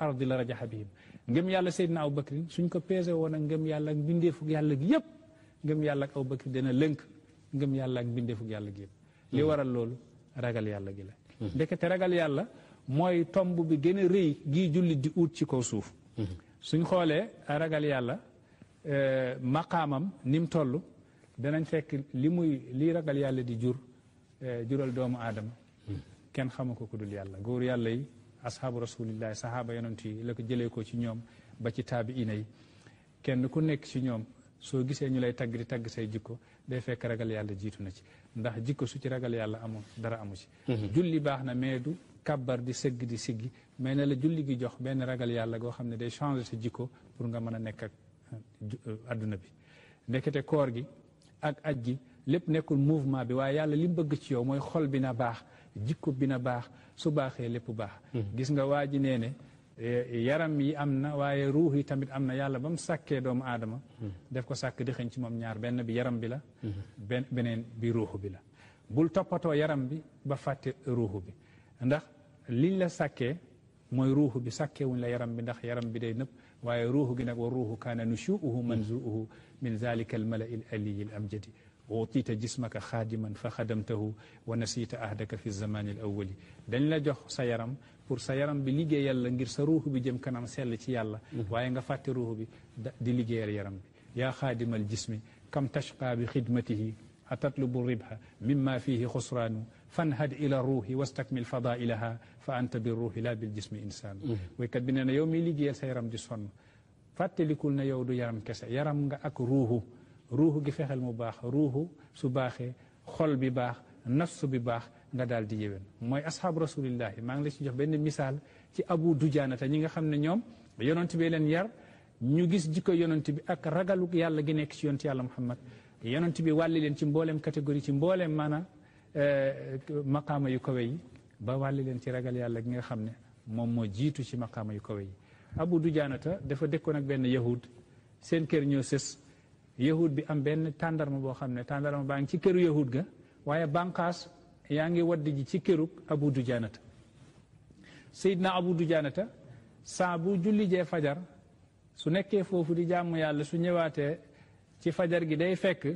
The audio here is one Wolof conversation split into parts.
ardi la rajaxa bihim ngëm yàlla Seydina Abu Bakrin suñ ko peese woon ak ngëm yàlla ak mbindeefug yàlla gi yëpp ngëm yàlla ak Abu Bakrin dana lënk ngëm yàlla ak mbindeefug yàlla gi yëpp li waral loolu ragal yàlla gi la ragal yàlla mooy tomb bi gën a rëy gii jullit di uut ci kaw suuf suñ xoolee ragal yàlla euh, maqaamam ni mu toll danañ fekk li muy lii ragal yàlla di jur euh, jural doomu aadama kenn xamu ko ku dul yàlla góor yàlla yi ashaabu rasulillahi sahaaba yonent yi la ko jëlee ko ci ñoom ba ci taabiina yi kenn ku nekk ci ñoom soo gisee ñu lay tagg di tagg say jikko day fekk ragal yàlla jiitu na ci ndax jikko su ci ragal yàlla amu dara amu ci mhm. julli baax na mais du kàbbar di sëgg di siggi mais na la julli gi jox benn ragal yàlla goo xam ne day changer sa jikko pour nga mën a nekk ak eh, eh, adduna bi ndekete koor gi ak aj lépp nekkul mouvement bi waaye yàlla li mu bëgg ci yow mooy xol bi na baax jikko bi na baax su baaxee lépp baax gis nga waa ji nee ne yaram yi am na waaye ruux yi tamit am na yàlla ba mu sàkkee doomu aadama def ko sàkk di xëñ ci moom ñaar benn bi yaram bi la beneen bi ruuxu bi la bul toppatoo yaram bi ba fàtte ruuxu bi ndax liñ la sàkkee mooy ruuxu bi sàkkee wuñ la yaram bi ndax yaram bi day nëpp waaye ruuxu gi nag wa ruuxu kaana nushuuhu manzuuhu min zalika al mala'i aliyi al amjadi أوطيت جسمك خادما فخدمته ونسيت عهدك في الزمان الأول dañ la jox sa yaram pour sa yaram bi liggéeyal la ngir sa ruux bi jëm kanam sell ci yàlla waaye nga fàtte ruux bi di liggéeyal yaram bi yaa xaadimal jismi kam tashqa bi xidmatihi atatlubu ribha mimma fihi xusraanu fanhad ila ruuhi wastakmil fadailaha fa anta bi ruuhi la bil jismi insaan waykat bi nee na yow miy liggéeyal sa yaram di sonn fàttalikul na yow du yaram kese yaram nga ak ruuhu ruuxu gi fexeel mu baax ruuxu su baaxee xol bi baax nafsu bi baax nga daal di yéwén mooy asxaab rasulillahi maa ngi la ci jox benn misaal ci abu jaanata ñi nga xam ne ñoom yonent bi leen yar ñu gis jikko yonent bi ak ragalu yàlla gi nekk ci yonent yàlla muhammad yonent bi wàlli leen ci mbooleem catégorie ci mbooleem maanaam euh, maqaama yu kawe yi ba wàlli leen ci ragal yàlla gi nga xam ne moom moo jiitu ci maqaama yu kawe yi abu dujaanata dafa dëkkoon ak benn yahud seen kër ñoo sës yahud bi am benn tàndarma boo xam ne tàndarma baa ngi ci këru yahud ga waaye bànqaas yaa ngi wadd ji ci kërug abu dujaanata sayidna abu dujaanata saa bu julli jee fajar su nekkee foofu di jàmm yàlla su ñëwaatee ci fajar gi day fekk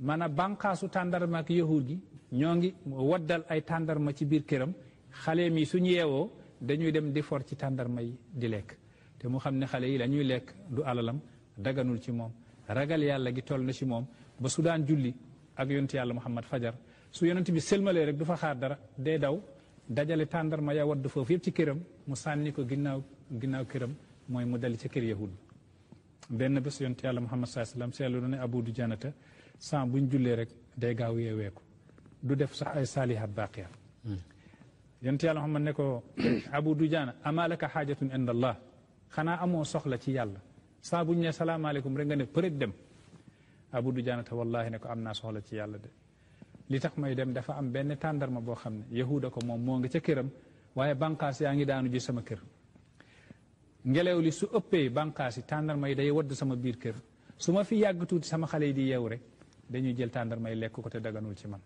man a bànqaasu tàndarma ak yahud gi ñoo ngi waddal ay tàndarma ci biir këram xaleem mi suñu yeewoo dañuy dem di for ci tàndarma yi di lekk te mu xam ne xale yi la lekk du alalam daganul ci moom ragal yàlla gi toll na ci moom ba su daan julli ak yonent yàlla muhammad fajar su yonent bi sëlmalee rek du fa xaar dara day daw dajale tàndarma ya wadd foofu yëpp ci këram mu sànni ko ginnaaw ginnaaw këram mooy mu dali ca kër yahud benn bés yonent yàlla muhammad saa salaam seetlu na ne abu du janata sans buñ jullee rek day gaaw yeeweeku du def sax ay saalihaat baaqiya yonent yàlla muhammad ne ko abu du jaana amalaka xaajatun inda allah xanaa amoo soxla ci yàlla saa bu ñu nee salaamaaleykum rek nga ne përét dem Abu Dujaanata wallahi ne ko am naa soxla ci yàlla de li tax may dem dafa am benn tàndarma boo xam ne yahuda ko moom moo nga ca këram waaye bànqaas yaa ngi daanu ji sama kër ngelaw li su ëppee bànqaas yi tàndarma yi day wadd sama biir kër su ma fi yàgg tuuti sama xale yi di yeew rek dañuy jël tàndarma yi lekk ko te daganul ci man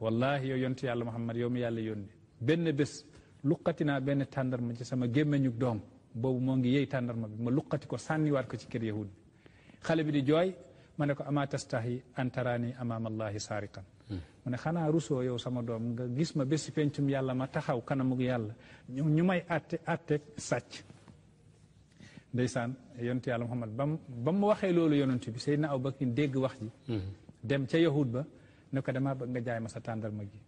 wallahi yow yontu yàlla Muhammad yow mi yàlla yónni benn bés luqati naa benn tàndarma ci sama gémmeñu doom boobu moo ngi yëy tàndarma bi ma luqati ko sànniwaat ko ci kër yahud bi xale bi di jooy ma ne ko ama tastahi antaraani amaamallahi saariqan mu hmm. ne xanaa rusoo yow sama doom nga gis ma bési pencum yàlla ma taxaw kanamug yàlla ñu may atte atte sàcc ndeysaan yonentu yàlla muhammad bam ba mu waxee loolu yonent bi Seydina Abubakar dégg wax ji hmm. dem ca yahud ba ne ko damaa bëgg nga jaay ma sa tàndarma gi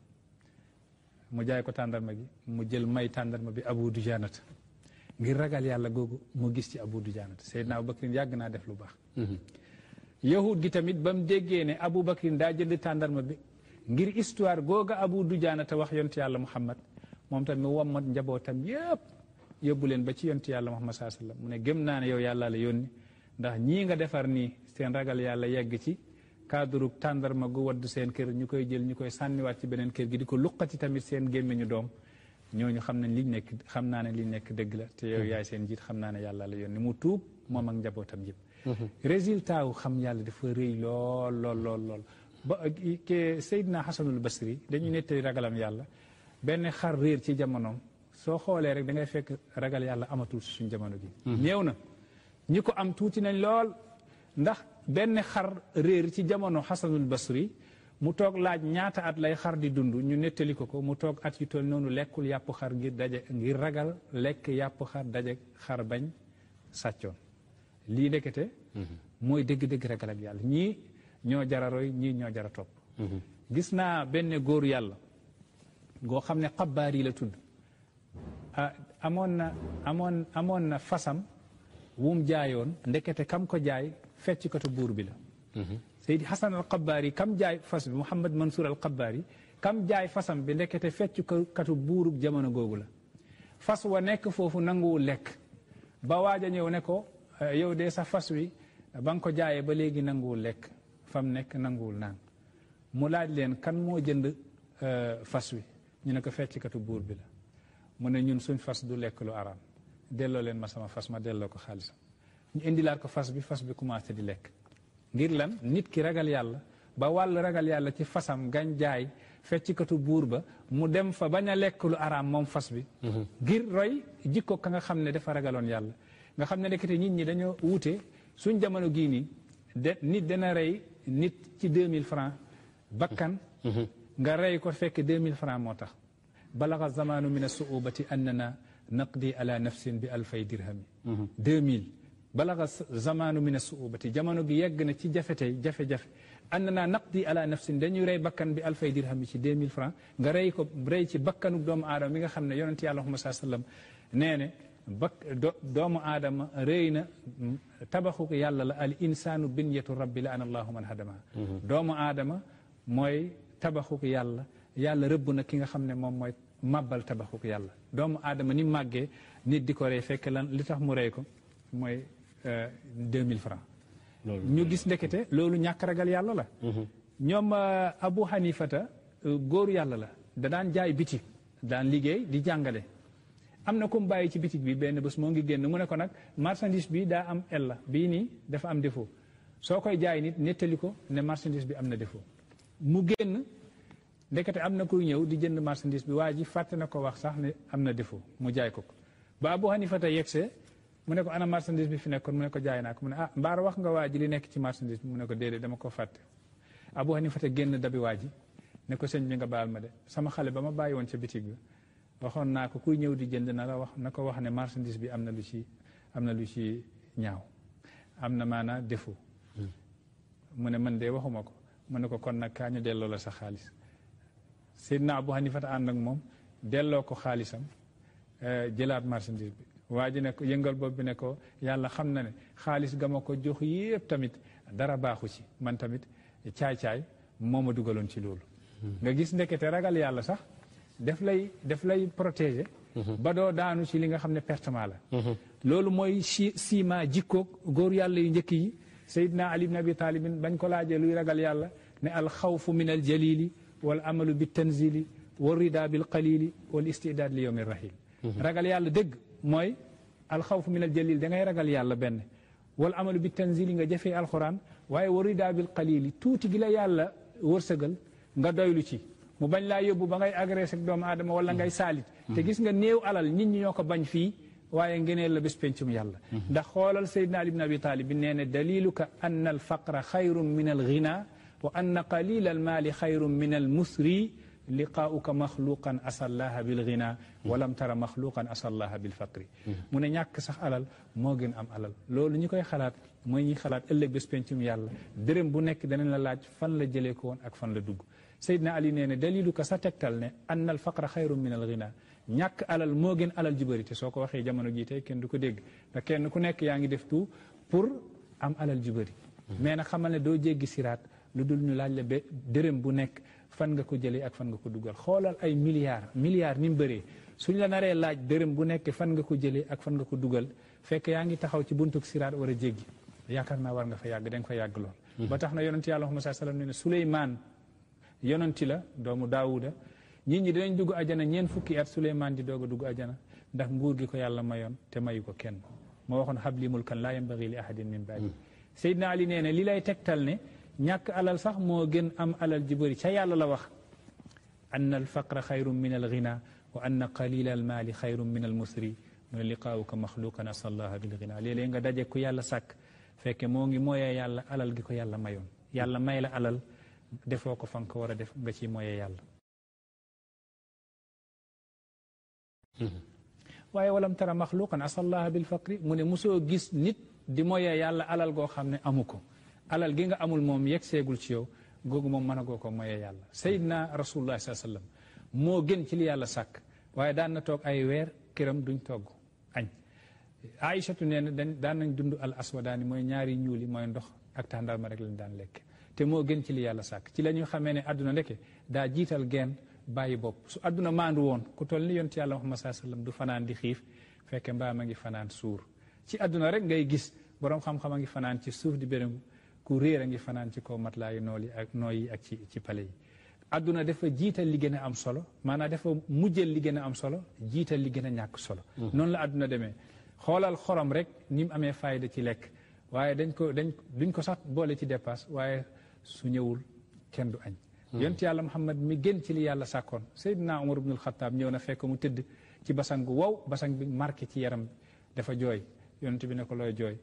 mu jaay ko tàndarma gi mu jël may tàndarma bi abu dujanata ngir ragal yàlla googu mu gis ci Abu Dujaanata Seydina Abu Bakrin yàgg naa def lu baax mhm. yahud gi tamit ba mu déggee ne Abu Bakrin daa jël tàndarma bi ngir histoire googa Abu Dujaanata wax yonti yàlla Muhammad moom tamit mu wammat njabootam yëpp yóbbu leen ba ci yonti yàlla Muhammad saa sallam mu ne gëm naa ne yow yàlla la yónni ndax ñii nga defar nii seen ragal yàlla yegg ci kaadurug tàndarma gu wadd seen kër ñu koy jël ñu koy sànniwaat ci beneen kër gi di ko luqati tamit seen gémmiñu doom ñooñu xam nañ liñ nekk xam naa ne liñ nekk dëgg la te yow mhm. yaay seen jiit xam naa ne yàlla la yoon ni mu tuub moom ak njabootam yëpp mhm. résultat wu xam yàlla dafa rëy lool lool lool lool ba ke Seydina Xasanul Basri dañuy mhm. yàlla benn xar réer ci jamonoom soo xoolee rek da ngay fekk ragal yàlla amatul suñ jamono gi néew na ñi ko am tuuti nañ lool ndax benn xar réer ci jamono Xasanul Basri mu toog laaj ñaata at lay xar di dund ñu nettali ko ko mu toog at yu toll noonu lekkul yàpp xar ngir daje ragal lekk yàpp xar daje xar bañ sàccoon lii ndekete mm-hmm. mooy dëgg-dëgg ragal yàlla ñii ñoo jara roy ñii ñoo jara mm-hmm. gis naa benn góor yàlla goo xam ne xabaar yi la tudd ah, amoon na amoon amoon fasam wum jaayoon ndekete kam ko jaay fecc ko te buur bi la mm-hmm. Seydi Hasan al Qabbaari kam jaay fas bi Mouhamad Mansour al Qabbaari kam jaay fasam bi ndekete feccu katu buurug jamono googu la fas wa nekk foofu nanguwul lekk ba waaj a ñëw ne ko eh, yow de sax fas wi ba nga ko jaayee ba léegi nanguwul lekk fam nekk nanguwul naan mu laaj leen kan moo jënd eh, fas wi ñu ne ko fecckatu buur bi la mu ne ñun suñ fas du lekk lu araam delloo leen ma sama fas ma delloo ko xaalisam ñu indilaat ko fas bi fas bi commencé di lekk ngir lan nit ki ragal yàlla ba wàll ragal yàlla ci fasam gañ jaay feccikatu buur ba mu dem fa bañ a lekk lu araam moom fas bi mhm. ngir roy jikko ka nga xam ne dafa ragaloon yàlla nga xam ne nekkati nit ñi dañoo wuute suñ jamono gii nii de nit dana rey nit ci 2000 francs bakkan mhm. nga rey ko fekk 2000 francs moo tax balaxa zamaanu min a suubati annana di ala nafsin bi alfay dirhami 2000 mhm. balaga zamanu min asuubati jamono gi yegg na ci jafete jafe-jafe ànd naa naqdi ala nafsin ñu rey bakkan bi alfay dirham bi ci 2000 francs nga rey ko rey ci bakkanu doomu aadama mi nga xam ne yonent yàlla Muhammad saa sallam nee ne bak doomu aadama rëy na tabaxu yàlla la al insaanu binyatu rabbi la an allahu man hadama mhm. doomu aadama mooy tabaxuk yàlla yàlla rëbb na ki nga xam ne moom mooy màbbal tabaxu yàlla doomu aadama ni màggee nit di ko rey fekk lan li tax mu rey ko mooy Euh, deux mille francs ñu gis ndekete loolu ñàkk ragal yàlla la mhm. ñoom euh, Abu Hanifata euh, góor yàlla la da daan jaay bitig daan liggéey di jàngale am na ku mu bàyyi ci bitig bi benn bës moo ngi génn mu ne ko nag marchandise bi daa am ella bii nii dafa am défaut soo koy jaay nit nettali ko ne marchandise bi am na défaut mu génn ndekete am na kuy ñëw di jënd marchandise bi waa ji fàtte na ko wax sax ne am na défaut mu jaay ko ko ba Abu Hanifata yegsee mu ne ko ana marchandise bi fi nekkoon mu ne ko jaay naa ko mu ne ah mbaar wax nga waa ji li nekk ci marchandise bi mu ne ko déedéet dama ko fàtte Abu Hanifa te génn dabi waa ji ne ko sëñ bi nga baal ma de sama xale ba ma bàyyi woon ca bitig ba waxoon naa ko kuy ñëw di jënd na la wax na ko wax ne marchandise bi am na lu ci am na lu ci ñaaw am na maanaa défaut mu ne man dee waxuma ko mu ne ko kon nag kaa ñu delloo la sa xaalis na Abu Hanifa ànd ak moom delloo ko xaalisam eh, jëlaat marchandise bi waa ji ne ko yëngal bopp bi ne ko yàlla xam na ne xaalis ga ma ko jox yépp tamit dara baaxu ci man tamit caay-caay moo ma dugaloon ci loolu nga gis ndekete ragal yàlla sax daf lay daf lay protéger ba doo daanu ci li nga xam ne pertement la loolu mooy si siima jikkoog góor yàlla yu njëkk yi sayidna ali ibn abi taalibin bañ ko laajee luy ragal yàlla ne al xawfu min al jalili wal amalu bi tanzili wal rida bil qalili wal istidaad li yowmi rahil ragal yàlla dëgg موي الخوف من الجليل دا غاي راغال يالا بن والعمل بالتنزيل غا جافي القران واي وريدا بالقليل توتي غلا يالا ورسغل غا دويلو تي مو بان لا يوبو با غاي اغريس اك دوم ادم ولا غاي ساليت تي غيس غا نيو علال نيت ني نيوكو بان في waye ngeneel la bis mm-hmm. pencum yalla mm-hmm. ndax xolal sayyidna ali ibn abi talib neena daliluka an خير من khayrun min al ghina wa an qalil لقاؤك مخلوقا اسى الله بالغنى ولم ترى مخلوقا اسى الله بالفقر من نياك صح علال مو غن ام علال لول ني كاي خلات موي ني خلات الك بس بنتم يالا ديرم بو نيك دا نلا لاج فان لا جيلي كون اك فان لا دوغ سيدنا علي نينا دليلك ساتكتال ان الفقر خير من الغنى نياك علال مو غن علال جبري سوكو واخي جامانو جي تي كين دوكو ديغ دا كين كو نيك ياغي ديف تو بور ام علال جبري مي نا خمال دو جيغي سيرات lu dul ñu laaj la dërëm bu nekk fan nga ko jëlee ak fan nga ko dugal xoolal ay milliards milliards ni mu bëree suñ la naree laaj dërëm bu nekk fan nga ko jëlee ak fan nga ko dugal fekk yaa ngi taxaw ci buntu siraat war a jéggi yaakaar naa war nga fa yàgg da nga fa yàgg lool hmm. ba tax na yonent yàlla Muhammad sallallahu Alaihi Wasallam sallam ne Suleymaan yonenti la doomu Daawuda nit ñi dinañ dugg ajana ñeen fukki at Suleymaan di doog dugg ajana ndax nguur gi ko yàlla mayoon te mayu ko kenn waxoon habli mulkan laa yambagi li ahadin min baadi hmm. Seydina Ali nee ne li lay tegtal ne ñàkk alal sax moo gën am alal ji bëri ca yàlla la wax anna alfaqra xayrun min alghina wa anna qalila almaali xayrun min almusri mu ne liqaawuka maxluqan asallaha bilghina léeg-léeg nga daje ku yàlla sàkk fekke moo ngi mooyee yàlla alal gi ko yàlla mayoon yàlla may la alal defoo ko fan ko war a def nga ci mooyee yàlla waaye walam tara maxluqan asallaha bilfaqri mu ne mosoo gis nit di mooyee yàlla alal goo xam ne amu ko alal gi nga amul moom yegg seegul ci yow googu moom mën a goo ko moye yàlla sayyidna rasulullah sallallahu alayhi moo gën ci li yàlla sàkk waaye daan na toog ay weer këram duñ togg añ aïchatu nee na dañ daan nañ dund al aswadaani mooy ñaari ñuul yi mooy ndox ak tàndarma rek lañ daan lekk te moo gën ci li yàlla sàkk ci la ñu xamee ne àdduna ndeke daa jiital geen bàyyi bopp su àdduna maandu woon ku toll ni yonent yàlla Muhammad sallallahu alayhi wasallam du fanaan di xiif fekke mbaam ngi fanaan suur ci àdduna rek ngay gis boroom xam a ngi fanaan ci suuf di béréngu كوري رانجي فنان تي كو ماتلا نولي اك نوي اك تي تي بالي ادونا دافا جيتال لي غينا ام سولو مانا دافا موديل لي غينا ام سولو جيتال لي غينا نياك سولو نون لا ادونا ديمي خولال خورم ريك نيم امي فايده تي ليك وايي دنجكو دنج سات بولي تي ديباس وايي سو كندو اني يونت يالله محمد مي ген تي لي سيدنا عمر بن الخطاب نيونا فيكو مو تي باسانغ واو باسانغ بي ماركي تي جوي يونت بي نكو جوي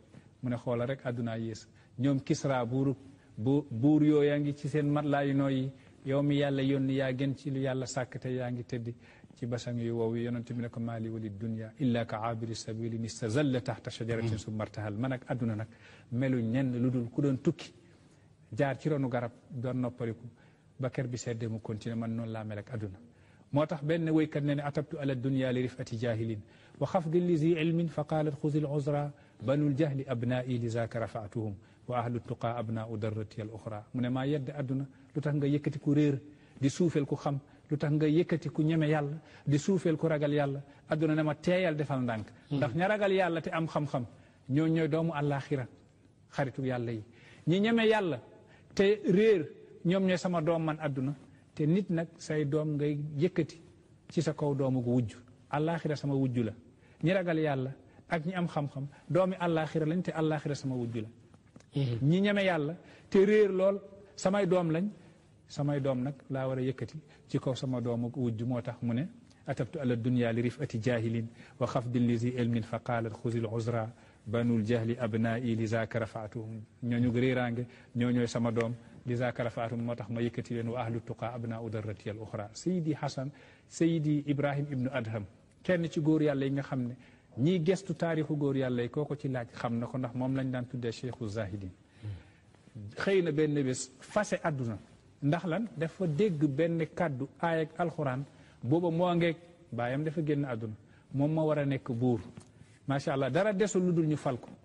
مون خولال ريك ادونا ييس ñoom Kisra buuru bu buur yoo yaa ngi ci seen matlaayu nooyi yow mi yàlla yónni yaa gën ci lu yàlla sàkk te yaa ngi tëdd ci basang yu woowu yonent bi ne ko maali wali dunia illa ka aabiri sabilin istazalla taxta shajaratin su martahal man ak adduna nag melu ñenn lu dul ku doon tukki jaar ci ronu garab doon noppaliku ba kër bi sedde mu continué man noonu laa mel ak adduna moo tax benn woykat ne ne atabtu ala dunia li rifati jahilin wa xafdin li zi ilmin fa qaalat xuzi l banu banul jahli abnaa'i li zaaka rafaatuhum wa ahlu tuqaa abnaau darrati al uxra mu ne maa yedd àdduna lu tax nga yëkkati ku réer di suufeel ku xam lu tax nga yëkkati ku ñeme yàlla di suufeel ku ragal yàlla àdduna ne ma teeyal defal ndànk hmm. ndax ña ragal yàlla te am xam-xam ñoo ñooy doomu àllaaxira xaritu yàlla yi ñi ñeme yàlla te réer ñoom ñooy sama doom man àdduna te nit nag say doom ngay yëkkati ci sa kaw doomu gu wujj àllaaxira sama wujj la ñi ragal yàlla ak ñi am xam-xam doomi àllaaxira lañ te àllaaxira sama wujj ñi ñeme yàlla te réer lool samay doom lañ samay doom nag laa war a yëkkati ci kaw sama doomu wujj moo tax mu ne atabtu ala dunia li rifati jahilin wa xafdin li zi ilmin fa qaalat xuzil uzra banul jahli abnaa'i li zaaka rafaatuhum ñooñu réeraange ñoo ñooy sama doom li zaaka rafaatuhum moo tax ma yëkkati leen wa ahlu tuqaa abnaau darrati al uxra sayidi hasan sayidi ibrahim ibnu adham kenn ci góor yàlla yi nga xam ne ñiy gestu taarixu góor yàlla yi ko ci laaj xam na ko ndax moom lañ daan tuddee cheikhu zahidin xëy na benn bés fase àdduna ndax lan dafa dégg benn kàddu aay ak alxuraan booba moo ngeeg baayam dafa génn àdduna moom ma war a nekk buur macha allah dara desul lu dul ñu fal ko